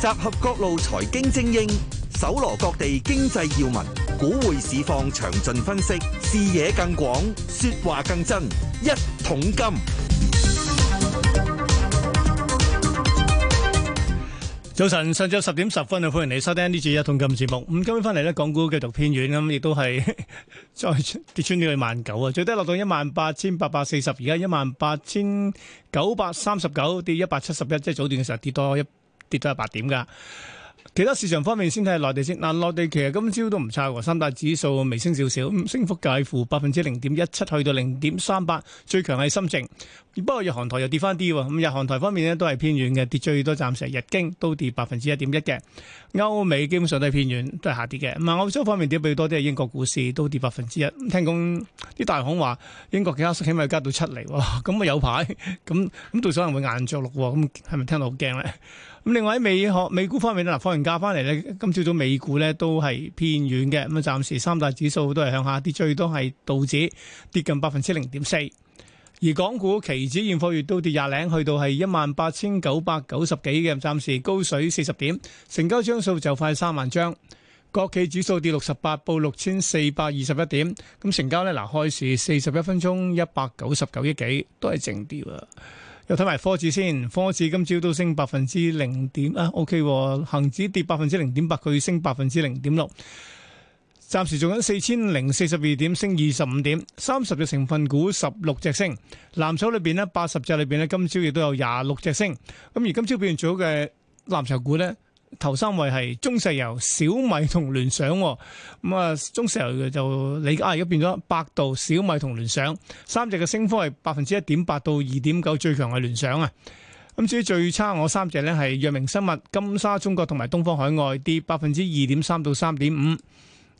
集合各路財經精英，搜羅各地經濟要聞，股匯市況詳盡分析，視野更廣，說話更真。一桶金。早晨，上晝十點十分，歡迎嚟收聽呢節一桶金節目。咁今日翻嚟咧，港股繼續偏軟咁，亦都係再跌穿咗去萬九啊，最低落到一萬八千八百四十，而家一萬八千九百三十九，跌一百七十一，即係早段嘅時候跌多一。跌到係八點噶，其他市場方面先睇下內地先。嗱、啊，內地其實今朝都唔差喎，三大指數微升少少，升幅介乎百分之零點一七去到零點三八。最強係深圳。不過日韓台又跌翻啲喎。咁日韓台方面咧都係偏軟嘅，跌最多，暫時係日經都跌百分之一點一嘅。歐美基本上都係偏軟，都係下跌嘅。唔係歐洲方面，跌比多啲？英國股市都跌百分之一。咁聽講啲大行話，英國嘅加息起碼加到七厘喎，咁啊有排咁咁，到時可能會硬着陸喎。咁係咪聽到好驚咧？咁另外喺美學美股方面咧，嗱放完假翻嚟咧，今朝早美股咧都係偏軟嘅，咁啊暫時三大指數都係向下跌，最多係道指跌近百分之零點四，而港股期指現貨月都跌廿零，去到係一萬八千九百九十幾嘅，暫時高水四十點，成交張數就快三萬張，國企指數跌六十八，報六千四百二十一點，咁成交呢，嗱開市四十一分鐘一百九十九億幾，都係淨跌啊。又睇埋科指先，科指今朝都升百分之零點啊，OK，恒指跌百分之零點八，佢升百分之零點六。暫時做緊四千零四十二點，升二十五點，三十隻成分股十六隻升，藍籌裏邊呢，八十隻裏邊呢，今朝亦都有廿六隻升。咁而今朝表現最好嘅藍籌股呢。頭三位係中石油、小米同聯想，咁啊中石油就你解，而家變咗百度、小米同聯想三隻嘅升幅係百分之一點八到二點九，最強係聯想啊。咁至於最差我三隻呢，係藥明生物、金沙中國同埋東方海外，跌百分之二點三到三點五。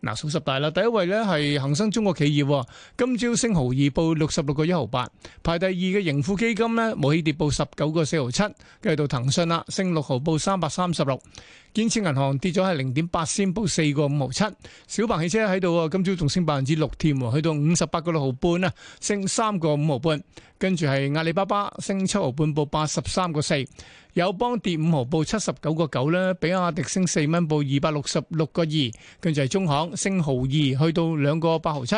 嗱，數十大啦，第一位呢係恒生中國企業，今朝升毫二，報六十六個一毫八。排第二嘅盈富基金呢，冇起跌報，報十九個四毫七。繼續到騰訊啦，升六毫，報三百三十六。建設銀行跌咗係零點八仙，報四個五毫七。小鵬汽車喺度，今朝仲升百分之六添，去到五十八個六毫半啦，升三個五毫半。跟住係阿里巴巴，升七毫半，報八十三個四。友邦跌五毫，報七十九個九啦，比亞迪升四蚊，報二百六十六個二。跟住係中行。升毫二，去到兩個八毫七。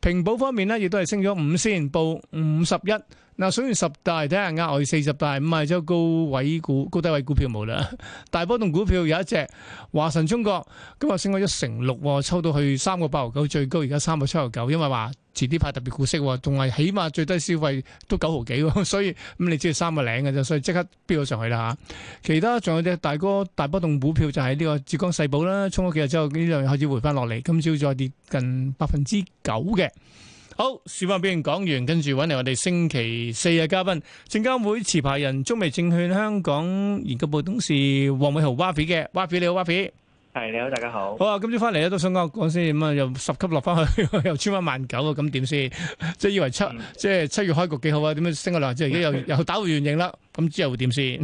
平保方面呢，亦都係升咗五仙，報五十一。嗱，數完十大，睇下額外四十大，五係，即高位股、高低位股票冇啦。大波動股票有一隻華晨中國，今日升咗一成六，抽到去三個八毫九，最高而家三個七毫九，因為話。遲啲派特別股息喎，仲係起碼最低消費都九毫幾喎，所以咁你只要三個零嘅啫，所以即刻飆咗上去啦嚇。其他仲有隻大哥大波動股票就喺呢個浙江世寶啦，衝咗幾日之後，呢兩日開始回翻落嚟，今朝再跌近百分之九嘅。好，市場表現講完，跟住揾嚟我哋星期四嘅嘉賓，證監會持牌人中美證券香港研究部董事黃偉豪 Wafi 嘅 Wafi 你好，Wafi。係，你好，大家好。好啊，今朝翻嚟咧，都想講講先，咁啊又十級落翻去，又穿翻萬九啊，咁點先？即係以為七，嗯、即係七月開局幾好啊？點樣升個落？即係已經又 又打回原形，呃、啦。咁之後會點先？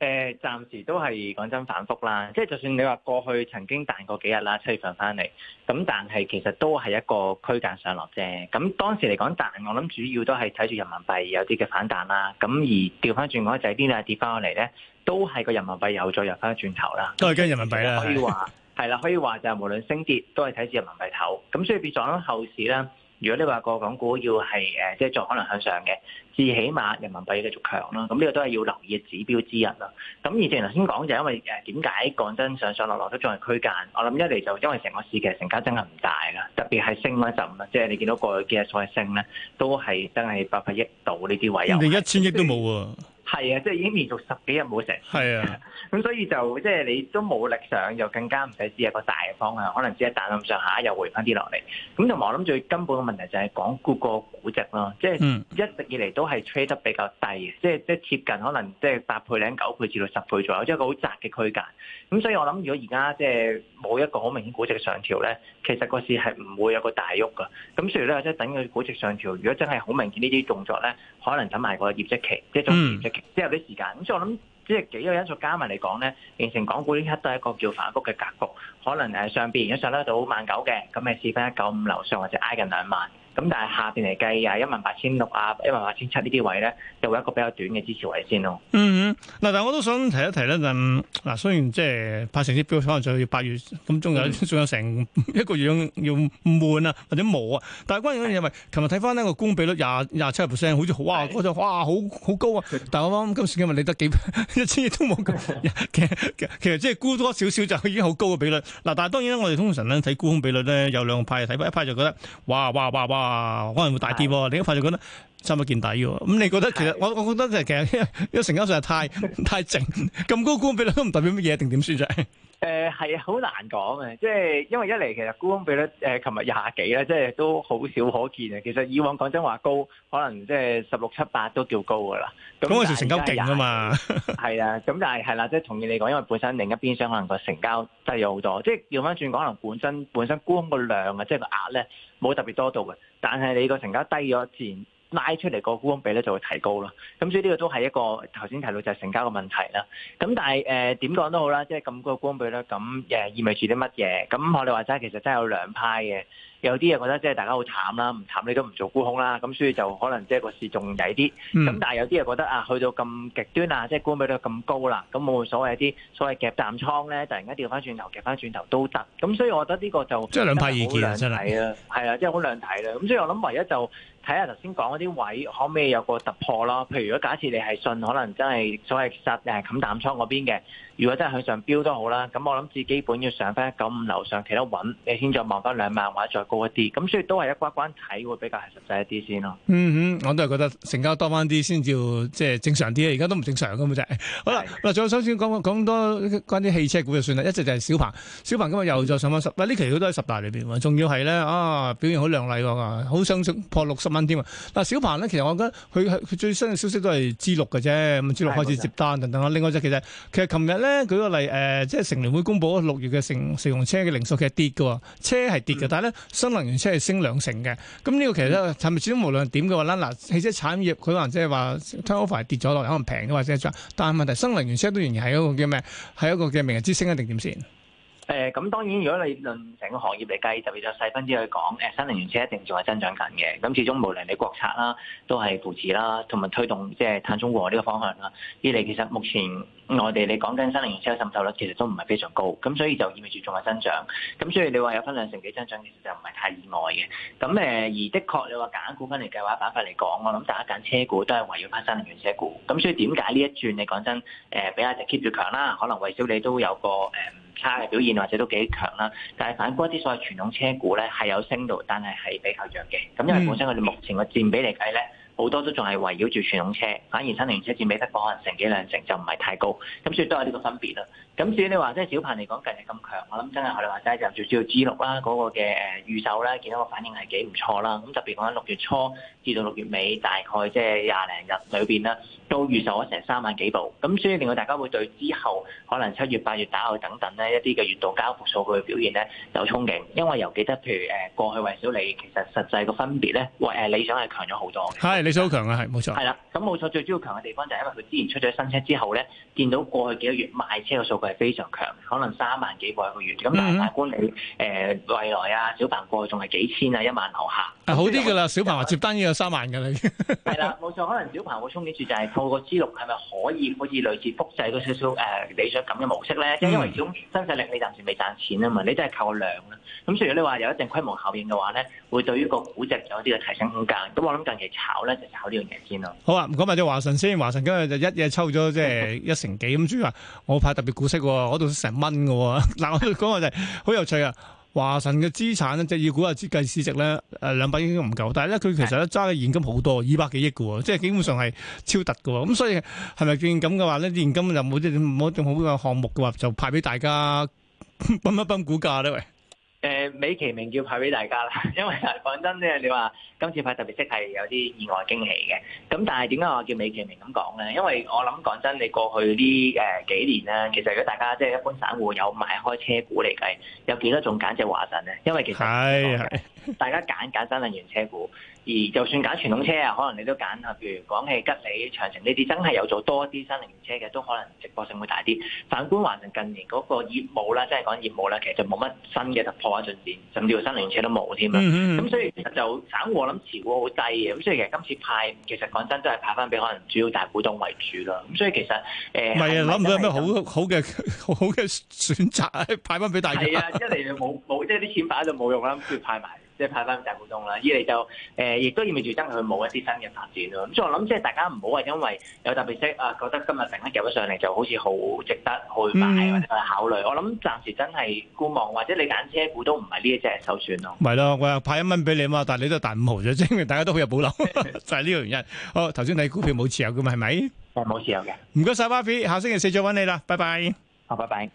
誒，暫時都係講真反復啦。即係就算你話過去曾經彈過幾日啦，七月份翻嚟，咁但係其實都係一個區間上落啫。咁當時嚟講彈，我諗主要都係睇住人民幣有啲嘅反彈啦。咁而調翻轉我就係啲跌翻落嚟咧。都係個人民幣又再入翻轉頭啦，都係跟人民幣啦。可以話係啦，可以話就係無論升跌都係睇住人民幣頭。咁所以變咗後市咧，如果你話個港股要係誒即係再可能向上嘅，至起碼人民幣繼續強啦。咁呢個都係要留意指標之一啦。咁而之前頭先講，就因為誒點解講真上上落落都仲係區間？我諗一嚟就因為成個市其實成交真係唔大啦，特別係升嗰陣啦，即、就、係、是、你見到過去幾日所謂升咧，都係真係百分一到呢啲位有，你一千億都冇喎、啊。 係啊，即係已經連續十幾日冇成。係啊，咁 所以就即係、就是、你都冇力上，就更加唔使知一個大嘅方向，可能只係彈咁上下，又回翻啲落嚟。咁同埋我諗最根本嘅問題就係港股個估值咯，即、就、係、是、一直以嚟都係 trade 得比較低即係貼近可能即係八倍、零九倍至到十倍左右，即、就、係、是、一個好窄嘅區間。咁所以我諗如果而家即係冇一個好明顯估值上調咧，其實個市係唔會有個大喐㗎。咁所以咧，即係等佢估值上調，如果真係好明顯呢啲動作咧，可能等埋個業績期，即係做業績期。之後啲時間，咁所以我諗，即係幾個因素加埋嚟講咧，形成港股呢一刻都係一個叫反覆嘅格局，可能誒上邊有上得到萬九嘅，咁誒試返一九五樓上或者挨近兩萬。咁但係下面嚟計啊，一萬八千六啊，一萬八千七呢啲位咧，就會一個比較短嘅支持位先咯。嗯，嗱，但係我都想提一提咧，就嗱，雖然即係派成績表，可能就要八月咁仲有，仲有成一個月要要悶啊，或者冇啊。但係關鍵嗰樣嘢琴日睇翻呢個沽空比率廿廿七個 percent，好似哇嗰陣哇好好高啊！但係我啱啱今時今日你得幾 一千億都冇咁， 其實其即係沽多少少就已經好高嘅比率。嗱，但係當然呢，我哋通常呢，睇沽空比率咧，有兩個派睇，一派就覺得哇哇哇哇～哇哇哇，可能會大啲喎，你一發就覺得差唔多見底喎，咁你覺得其實我我覺得就其實因為成交上係太太靜，咁高沽比率都唔代表乜嘢定點算啫。誒係好難講嘅，即係因為一嚟其實沽空比率誒，琴日廿幾咧，即係都好少可見啊。其實以往講真話高，可能即係十六七八都叫高噶啦。嗰、嗯、陣時成交勁啊嘛。係啊，咁但係係啦，即係同意你講，因為本身另一邊商可能個成交低咗好多，即係調翻轉講，可能本身本身沽空個量啊，即係個額咧冇特別多到嘅，但係你個成交低咗一截。自然拉出嚟個沽空比咧就會提高啦，咁所以呢個都係一個頭先提到就係成交嘅問題啦。咁但係誒點講都好啦，即係咁高嘅沽空比咧，咁誒、呃、意味住啲乜嘢？咁我哋話齋其實真係有兩派嘅。有啲又覺得即係大家好慘啦，唔慘你都唔做沽空啦，咁所以就可能即係個市仲抵啲。咁、嗯、但係有啲又覺得啊，去到咁極端啊，即係沽比到咁高啦，咁冇所謂啲所謂夾淡倉咧，突然間掉翻轉頭夾翻轉頭都得。咁所以我覺得呢個就即係、就是、兩派意見真係係啊，係啊，即係好兩睇啦。咁所以我諗唯一就睇下頭先講嗰啲位可唔可以有個突破咯。譬如如果假設你係信可能真係所謂殺誒冚淡倉嗰邊嘅。如果真係向上飆都好啦，咁我諗至基本要上翻一九五樓上企得穩，你現在望翻兩萬或者再高一啲，咁所以都係一關關睇會比較係實際一啲先咯。嗯嗯我都係覺得成交多翻啲先至即係正常啲啊，而家都唔正常咁嘅啫。好啦，嗱，最後首先講講,講多關啲汽車股就算啦，一直就係小鵬。小鵬今日又再上翻十、嗯，嗱呢期佢都係十大裏面喎，仲要係咧啊表現好靚麗㗎，好想破六十蚊添嗱，但小鵬咧其實我覺得佢佢最新嘅消息都係 G6 嘅啫，咁 G6 開始接單等等另外其實其實琴日咧舉個例，呃、即係乘聯會公佈嗰六月嘅乘乘用車嘅零售，其實跌嘅喎，車係跌嘅，但係咧新能源車係升兩成嘅。咁呢個其實咧係咪始終無論點嘅話咧，嗱汽車產業佢可能即係話 Tesla 跌咗落嚟，可能平嘅或者，但係問題新能源車都仍然係一個叫咩？係一個嘅明日之星，定點先？誒、嗯、咁當然，如果你論成個行業嚟計，特別就有細分之去講，新能源車一定仲係增長緊嘅。咁始終無論你國策啦，都係扶持啦，同埋推動即係碳中和呢個方向啦。而你其實目前我哋你講緊新能源車嘅滲透率其實都唔係非常高，咁所以就意味住仲係增長。咁所以你話有分兩成幾增長，其實就唔係太意外嘅。咁而的確你話揀股份嚟計，或者板塊嚟講，我諗大家揀車股都係圍繞翻新能源車股。咁所以點解呢一轉你講真誒比較就 keep 住強啦？可能為少你都有個、呃差嘅表現或者都幾強啦，但係反觀一啲所謂傳統車股咧係有升度，但係係比較弱嘅，咁因為本身我哋目前嘅佔比嚟計咧。好多都仲係圍繞住傳統車，反而新能源車至尾得可能成幾兩成就唔係太高，咁所以都有呢個分別啦。咁至於你話即係小鵬嚟講近期咁強，我諗真係我哋話齋就最主要 G 六啦嗰個嘅預售咧，見到個反應係幾唔錯啦。咁特別講喺六月初至到六月尾大概即係廿零日裏邊啦，都預售咗成三萬幾部，咁所以令到大家會對之後可能七月、八月打後等等咧一啲嘅月度交付數據嘅表現咧有憧憬，因為由記得譬如誒過去為小李其實實際個分別咧，為誒理想係強咗好多。你強啊，係冇錯，係啦，咁冇錯，最主要強嘅地方就係因為佢之前出咗新車之後咧，見到過去幾個月賣車嘅數據係非常強。可能三萬幾蚊一個月，咁但係大觀你誒、呃、未來啊，小鵬過去仲係幾千啊，一萬樓下。啊，好啲㗎啦，小鵬話接單已經有三萬㗎啦。係啦，冇 錯，可能小鵬會憧憬住就係、是、透過資錄係咪可以好似類似複製嗰少少誒理想咁嘅模式咧？即、嗯、係因為小新勢力你暫時未賺錢啊嘛，你都係靠量啦。咁所以你話有一定規模效應嘅話咧，會對於個估值有啲嘅提升空間。咁我諗近期炒咧就炒呢樣嘢先咯。好啊，講埋隻華晨先，華晨今日就一夜抽咗即係一成幾咁、嗯，主要話我怕特別股息喎，成蚊 嗱，我講嘅就係好有趣啊。華晨嘅資產咧，就要估下折計市值咧，誒，兩百億都唔夠。但係咧，佢其實咧揸嘅現金好多，二百幾億嘅，即係基本上係超突嘅。咁所以係咪變咁嘅話咧，現金就冇啲冇咁好嘅項目嘅話，就派俾大家泵一泵股價咧喂？美其名叫派俾大家啦，因為講真咧，你話今次派特別息係有啲意外驚喜嘅。咁但係點解我叫美其名咁講咧？因為我諗講真，你過去呢誒幾年咧，其實如果大家即係一般散戶有買開車股嚟計，有幾多種揀隻華晨咧？因為其實 唉唉大家揀揀新能源車股。而就算揀傳統車啊，可能你都揀啊。譬如講起吉利、長城呢啲，真係有做多啲新能源車嘅，都可能直播性會大啲。反觀華晨近年嗰個業務啦，即係講業務啦，其實就冇乜新嘅突破啊、進展，甚至乎新能源車都冇添啦。咁、嗯嗯嗯、所，所以其實就散戶我諗持股好低嘅，咁所以其實今次派其實講真都係派翻俾可能主要大股東為主啦。咁所以其實誒，唔、呃、係啊，諗唔到有咩好好嘅好嘅選擇派翻俾大家。係啊，一嚟冇冇，即係啲錢擺喺度冇用啦，不如派埋。即係派翻大股東啦，二嚟就誒，亦、呃、都意味住，真係佢冇一啲新嘅發展咯。咁所以我諗，即係大家唔好話，因為有特別息啊，覺得今日突然夾咗上嚟，就好似好值得去買或者去考慮。嗯、我諗暫時真係觀望，或者你揀車股都唔係呢一隻首選咯。唔係咯，我又派一蚊俾你嘛，但係你都大五毫咗啫，大家都好有保留， 就係呢個原因。好，頭先你的股票冇持有嘅嘛，係咪？誒冇持有嘅。唔該晒，Wafi 下星期四再揾你啦，拜拜。好，拜拜。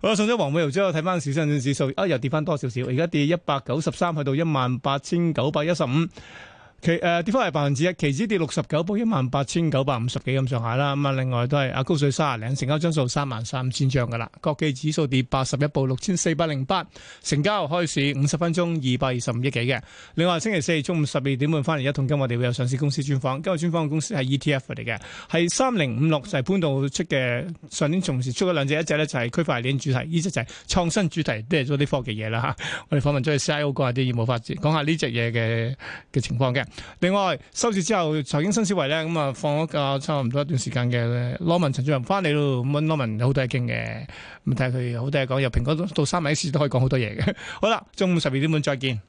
好啦，送咗黃偉豪之後，睇翻市，新證指數，啊，又跌翻多少少，而家跌一百九十三，去到一萬八千九百一十五。其誒、呃、跌幅係百分之一，期指跌六十九報，一萬八千九百五十幾咁上下啦。咁啊，另外都係阿高水卅零，成交張數三萬三千張噶啦。國企指數跌八十一報，六千四百零八，成交開市五十分鐘二百二十五億幾嘅。另外星期四中午十二點半翻嚟一桶金，今日我哋會有上市公司專訪。今日專訪嘅公司係 E T F 嚟嘅，係三零五六就係潘道出嘅。上年同時出咗兩隻，一隻呢就係區塊鏈主題，呢隻就係創新主題，都係做啲科技嘢啦吓。我哋訪問咗去 C I O 講下啲業務發展，講下呢隻嘢嘅嘅情況嘅。另外收市之後，財經新思維咧，咁啊，放咗個差唔多一段時間嘅羅文陳主任翻嚟咯，咁啊，羅文有好多嘢傾嘅，咁睇佢有好多嘢講，由蘋果到三米一市都可以講 好多嘢嘅。好啦，中午十二點半再見。